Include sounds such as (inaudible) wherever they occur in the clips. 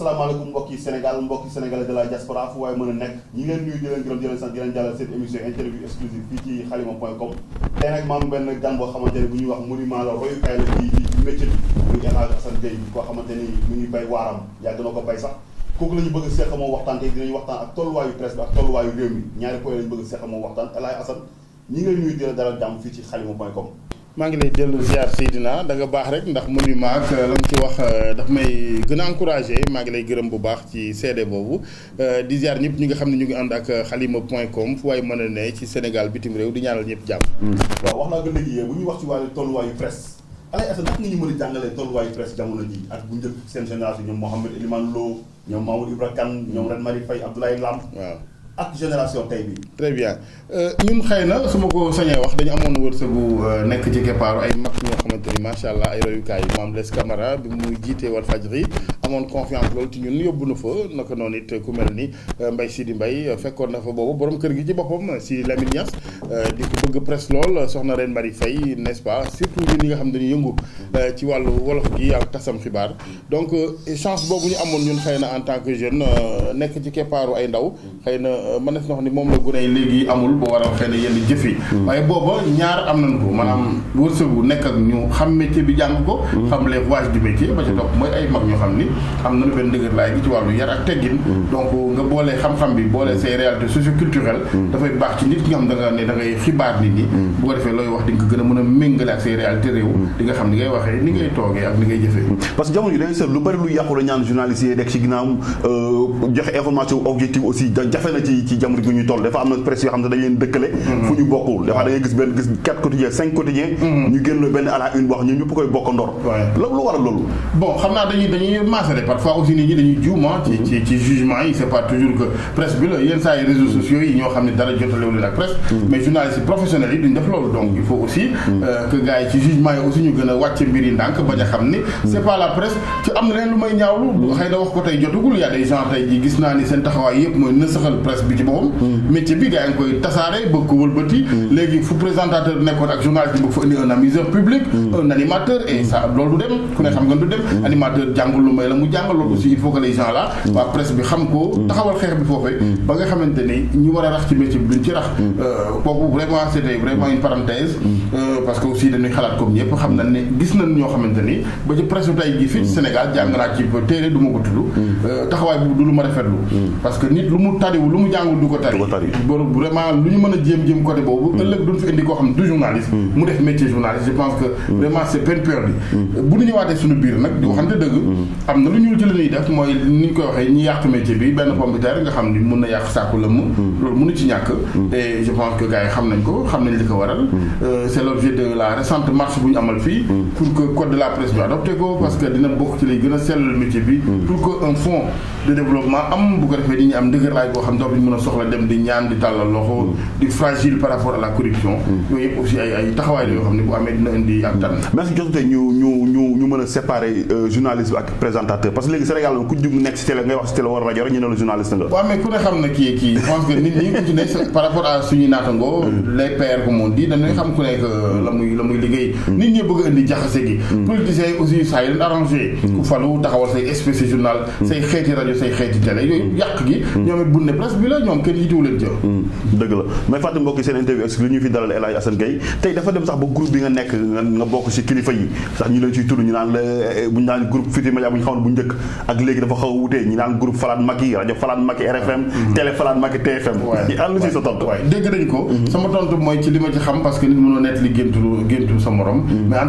asalaamaaleykum mbokki Sénégal mbokki sénégalais de la diaspora fu waaye mën a nekk ñi ngeen nuyu di leen gërëm seen émission interview exclusive fii ci xalima com tey nag maam benn gan boo xamante ne bu ñuy wax monument la royukaay la ci ci métier bi muy El Hadj Assane Gueye koo xamante ni mu ñuy bay waaram yàgg na ko bay sax kooku la ñu bëgg seeqa moom waxtaan tey dinañu waxtaan ak tolluwaayu presse bi ak tolluwaayu réew mi ñaari point la ñu bëgg seeqa moom waxtaan El Hadj fii ci xalima point maa ngi lay dellu ziar Seydina da danga baax rek ndax mu ak euh, la nga ci wax euh, daf may gën a encouragé maa ngi lay gërëm bu baax ci seede boobu euh, di ziar ñëpp ñi nga xam ne ñu ngi ànd ak xalima point com fu waaye mën a ne ci Sénégal bitim réew di ñaanal ñëpp jàmm. Mm. waaw wax naa ko léegi bu ñuy wax ci wàllu tolluwaayu presse alay asa naka nga ñu mën a jàngalee tolluwaayu presse jamono ji ak bu njëkk seen génération ñoom Mouhamed Elimane Lo ñoom Mamadou Ibra Kane ñoom Red Marie Faye Abdoulaye waaw ak génération tey bi très bien euh ñun xeyna na ko sañé wax dañu amone wërse bu euh, nekk ci képaru ay mag ñoo xamanteni ni macha allah ay royukaay kay mam les Camara bi muy wal Walfadjri amone confiance loolu ci ñun yóbbu na fa naka noonu it ku melni mbay euh, Mbaye Sidi Mbaye euh, fekkoon na fa bobu borom kër gi ci bopom si Lamine Niass di ko bëgg press lool soxna Reine mari fay n'est-ce pas surtout ñun ñi nga xam dañu yëngu ci walu wolof gi ak tassam xibar donc chance bobu ñu amone ñun xeyna en tant que jeune nekk ci képaru ay ndaw xëy na euh, mën na si wax ni moom la gune yi léegi amul boo war a xëy na yenn jëf yi hmm. waaye booba ñaar am nañ ko maanaam wërsëgu nekk ak ñu xam métier bi jàng ko hmm. xam hmm. bi boolee say réalité socioculturelle dafay baax da nga ne da ngay xibaar nit ñi bu ko defee looy wax di nga gën a mën a méngale ak say réalité réew di xam ni ngay waxee ni ngay toogee ak ni ngay jëfee parce jamono ji dañuy seet lu bari lu yàqu la ñaan journaliste yi nekk ci ginnaaw euh, joxe information objective aussi jafe na ci ci jamour guñu ñu toll des fois presse yo xamne dañ leen dëkkale mm-hmm. fuñu ñu dafa da ngay gis ben gis quatre quotidiens cinq quotidiens mm-hmm. ñu génn ben ala une boo ñu ñup koy bokk ndor lolu lu waral loolu bon xamna naa dañuy dañuy maasale parfois aussi nit ñi dañuy juuma ah, ci ci ci jugement yi c'est pas toujours que presse bi la yeen saa yi réseaux sociaux yi ñoo xamne dara dara jotalewul ak presse mm-hmm. mais journalistes yi professionnels yi duñ def lolu donc il faut aussi euh, que gaay ci jugement yi aussi ñu gëna wacc wàcce mbir yi ndànk bañ a c'est pas la presse ci am leen lu may ñaawlu xëy na wax ko tay jotugul ya des gens tay ji gis na ni seen taxawaay yëpp mooy saxal presse bi ci boppam. Mm. métier bi gaa ngi koy tasaare bëgg ko wëlbati. Mm. léegi fu présentateur nekkoon ak journaliste bëgg fa indi un amuseur public. Mm. un animateur et ça loolu dem ku ne xam nga du dem. animateur jangul lu may la mu jàng loolu aussi il faut que les gens là. waa presse bi xam ko. taxawal xex bi fofé ba nga xamante ñu wara a rax ci métier bi duñ ci rax. Euh, kooku vraiment c'était vraiment une parenthèse. euh parce que aussi dañuy xalat comme ñepp xam nañ né gis nañ ñoo xamante ba ci presse tay gi fi ci Sénégal jàng naa ci téere du ma ko euh taxaway bu du lu ma rafetlu. parce que nit lu mu tariwul lu mu jàngul du ko tari bon vraiment lu ñu mën a jéem jéem côté boobu mm. ëllëg duñ fi indi koo xam du journaliste mm. mu def métier journaliste je pense que mm. vraiment c'est peine perdue bu ñu ñëwaatee suñu biir nag di waxante dëgg am na lu ñuul ci la ñuy def mooy ni ñu koy waxee ñi yàq métier bi benn pomme terre nga xam ni mun na yàq sàkku lëmm loolu mënu ci ñàkk et je pense que gars yi xam nañ ko xam nañ li ko waral euh, c'est l'objet de la récente marche bu ñu amal fii pour que code de la presse bi adopté ko parce que dina bokk ci lay gën a sellal métier bi pour que un fonds de développement am bu ko defee di ñu am ndëgër laay koo xam dootuñu mën a soxla dem di ñaan di tàllal loxo mm. di fragile par rapport à la corruption mm. yooyu yëpp aussi ay ay taxawaay la yoo xam ne bu amee dina indi ak tànn merci jotute ñu ñu ñu ñu mën a séparer euh, journaliste ak présentateur parce que léegi Sénégal ku jug nekk si télé ngay wax si télé war rajo rek ñu ne la journaliste nga waaw mais ku ne xam na kii kii je pense que nit ñi ku ci ne par rapport à suñu naatango mm. les pairs comme on dit dañuy xam ku nekk euh, la muy la muy liggéey nit ñi bëgg a indi jaxase gi politiciens yi aussi saa yi leen arrangé ku falu taxawal say espèce journal say xeeti rajo say xeeti télé yooyu yàq gi ñoom it ne presse bi la ñoom kenn yitiwu leen jël hmm, dëgg la mais fàttali mbokk yi seen interview ak li ñu fi dalal El Hadj tey dafa dem sax ba groupe bi nga nekk nga bokk ci kilifa yi sax ñu leen ciy tudd ñu naan la eh, bu ñu bu ñu xamoon bu njëkk ak léegi dafa xaw a wutee ñu naan groupe Falan Macky rajo Falan Macky RFM hmm. télé Falan Macky TFM àll si sa tontu waay dégg ko hmm. sama tontu mooy ci li ma ci xam parce que nit mënoo nett li géntu sa morom mais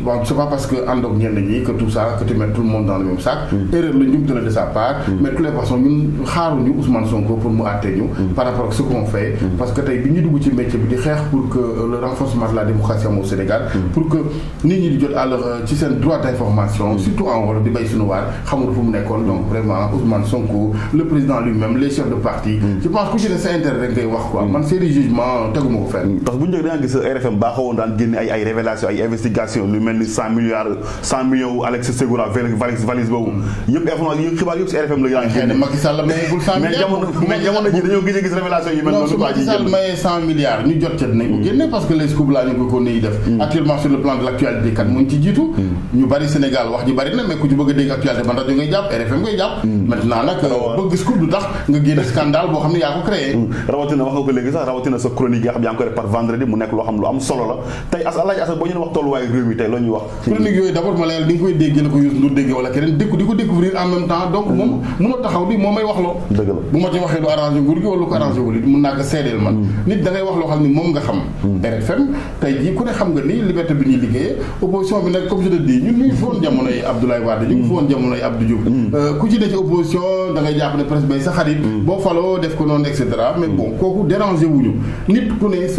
bon n'est pas parce que àndoog ñenn ñi que tout ça que tu mets tout le monde dans le même sac. Mm. erreur la njumte la de sa part. Mm. mais de toutes les façons avons Ousmane Sonko pour nous atteindre ñu. Mm. par rapport à ce qu'on fait. parce que nous, bi ñu dugg ci métier pour que euh, le renforcement de la démocratie au Sénégal. pour que nous, ñi di jot alors euh, ci droit d'information. surtout en wolof di béy suñu waar xamul donc vraiment Ousmane Sonko le président lui-même les chefs de parti. je pense que je ne sais intérêt rek ngay wax quoi. man seeni jugement teguma ko fenn. parce que bu ñu jógee da que ce RFM baaxoo woon daan des ay révélations ay investigations lu mel ni cent milliards 100 millions wu Alex Segura valise valise boobu. yëpp information yi xibaar yëpp si RFM la ñu. xëy Macky Sall mayegul 100 milliards mais jamono ji dañu gis a gis révélation yu mel noonu. quoi ji jënd Sall mayee cent milliards ñu jot ci nañu ko mm. parce que les scoops la ñu ko ko nii def. Mm. actuellement sur le plan de l'actualité kan moo ci jitu mm. ñu bari Sénégal wax ji bari na mais ku ci bëgg a dégg actualité ban rajo ngay japp RFM ngay japp maintenant nag euh, bëgg scoop du tax nga génne scandale bo xamni ya yaa ko créé. rawatina wax nga ko léegi sax rawatina sa chronique yi nga xam yaa ngi ko def par vendredi mu nek lo xam lu am solo la tay as Allah as bo ñu wax tolluwaayu réew mi sécurité la en même temps donc opposition bi comme je le dis mm. def mm. mais bon wuñu nit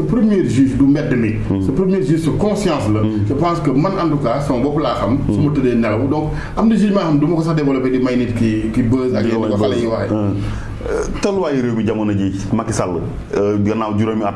premier juge du mm. premier juge conscience je pense que man en tout bopp laa xam. Hmm. su ma tëddee nelaw donc am na jugement xam du ma ko sax développé di may nit ki ki buzz ak yenn ko xale yi waxee. Hmm. Euh, tolluwaayu réew mi jamono ji Macky Sall euh, gannaaw juróomi at.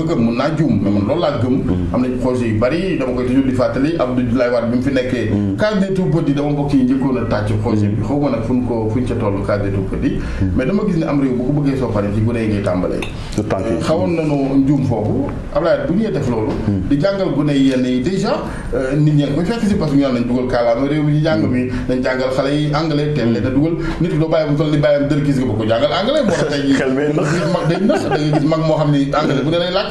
ma gëm mun naa juum mais man loolu laa gëm mm. am nañ projet yu bari dama koy toujours di fàttali Abdoulaye Wade bi mu fi nekkee mm. case des tout-petits dama bokk yi njëkkoon a tàcc projet bi mm. xaw dugal a nit ki bàyyi bu toll ni bàyyam dër gis nga ba ko jàngal anglais boo tey (laughs) nit mag moo xam ni anglais bu ne lay laaj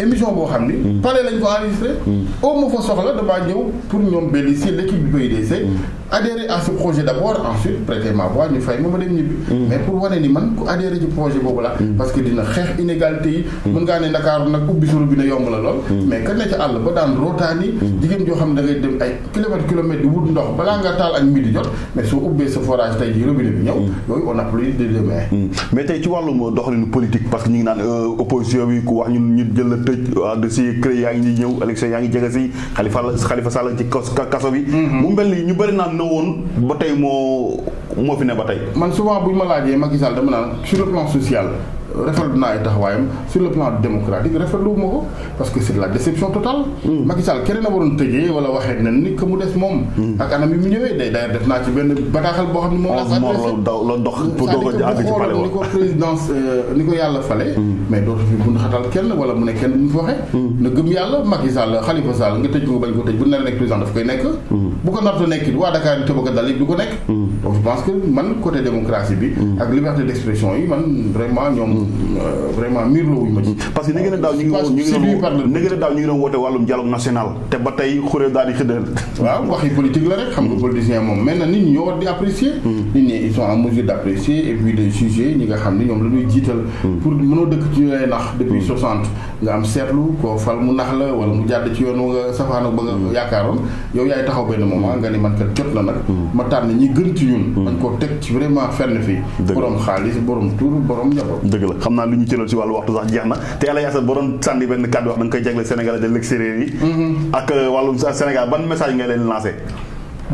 émission bo xamni ni. Mm. pare lañ ko enregistré. Mm. au ma fa soxla damaa ñëw pour ñom Bélissier l'équipe du PUDC. Mm. adhérer à ce projet d'abord ensuite prêter ma voix ñu fay mo dem ñibi mais pour wone ni man ko adhérer ci projet bobu la. parce que dina xex inégalité yi. mën nga né Dakar nak ubbi solo bi ne yomb la lool. mais ka ne ca àll ba daan rotani jigéen jo xam ne da ngay dem ay kilomètre kilomètre di wut ndox balaa nga taal ak midi jot mais so ubbé ce forage tay jii robinet bi ñëw. yooyu on a applaudit de demain. mais tay ci walu wàllum doxalinu politique parce que ñi ngi naan euh, opposition bi ku wax ñun ñi jël tëj ah, de si cré yaa ngi ñuy ñëw élection yaa ngi jege si Khalifa Khalifa Sall ci kaso bi mhm. mu mel ni ñu bëri naan na woon ba tey moo moo fi ne ba tey man souvent bu ñu ma laajee Macky Sall dama naan su le plan social rafetlu naa ay taxawaayam sur le plan démocratique rafetlu ma ko parce que c'est la déception totale. Mm. Macky Sall mm. oh, euh, ni ko yàlla fale. Mm. mais dootu fi bu kenn wala mu ne kenn bu ñu waxee. na gëm yàlla Macky Sall Khalifa nga tëj ko bañ ko tëj bu nekk président que man côté démocratie bi. ak liberté d'expression yi man vraiment ñoom man euh, vraiment miir la wuñ ma ci mm. parce que ni ngeen ñu ngi woon woote wàllum dialogue national te ba tey xuree daal di xëddal waaw waxi politique la rek xam nga politicien moom maintenant mm. ñi nga xam ne ñoom la ñuy jiital mm. pour mënoo dëkk ci ñu lay nax depuis 60 nga mu nax la wala mu jàdd ci yoon wa nga safaano ba nga yaakaaroon yow yaay taxaw benn moment nga ni man kat jot la nag ma tànn ñi gën ci ñun man teg ci vraiment fenn fii borom xaalis borom tur borom njaboot xam naa li ñu cëral si wàllu waxtu sax jeex na te yàlla yaasa boo doon sànni benn kàddu wax da nga koy jagle Sénégalais de l'extérieur yi mm-hmm. ak euh, wàllum Sénégal ban message ngay leen lancé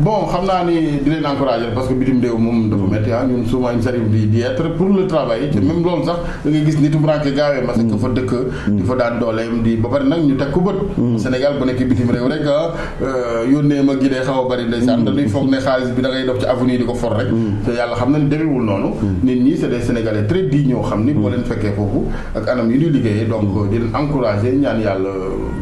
bon xam a bëri ndeysaan dañuy xaalis bi da ngay dox ci avenue di ko for rek yàlla xam na ni demewul noonu nit ñi c'est des Sénégalais très ñoo xam ni boo leen fekkee foofu ak anam yi ñuy liggéeyee donc di leen encouragé ñaan yàlla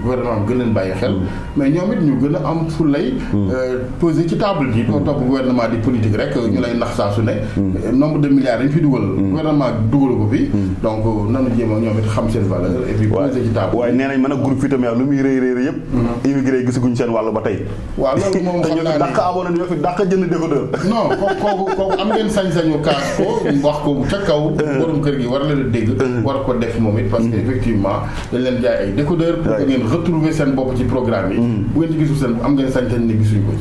gouvernement bi gën leen bàyyi xel mais ñoom it ñu gën a am fu lay euh, ci table bi doo mm. top gouvernement di politique rek ñu lay nax sa su ne mm. euh, nombre de milliards dañ fi duggal mm. gouvernement duggal ko fi donc euh, nanu jéem ak ñoom it xam seen valeur et puis posé ci table way nee nañ mën groupe fitam ya lu muy rëy rëy yépp yëpp mm-hmm. immigré gisaguñ seen walu ba tay wa loolu mom dañu (laughs) naa ne abonné ñu fi dakk jënd décodeur (laughs) non ko ko am ngeen sañ-sañu kaas ko (laughs) wax ko ca kaw euh. borom kër gi war la dégg war ko def moom it parce que effectivement dañ leen jaay ay décodeur pour ngeen retrouver seen bopp ci programme yi bu ngeen ci gisul seen am ngeen sañ-sañ ne gisuñ ko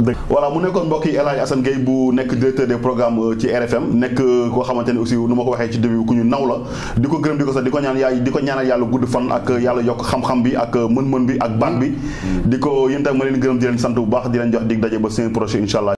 mu nekkoon mbokk yi El Hadj Assane Gueye bu nekk directeur des programmes euh, ci RFM nekk euh, koo xamante ne aussi nu ma ko waxee ci début ku ñu naw la di ko gërëm di ko sax di ko ñaan yaay di ko ñaanal yàlla gudd fan ak euh, yàlla yokk xam-xam bi ak mën-mën bi ak baat bi mm. di ko yéen ma leen gërëm di leen sant bu baax di leen jox dig daje ba semaine prochaine incha allah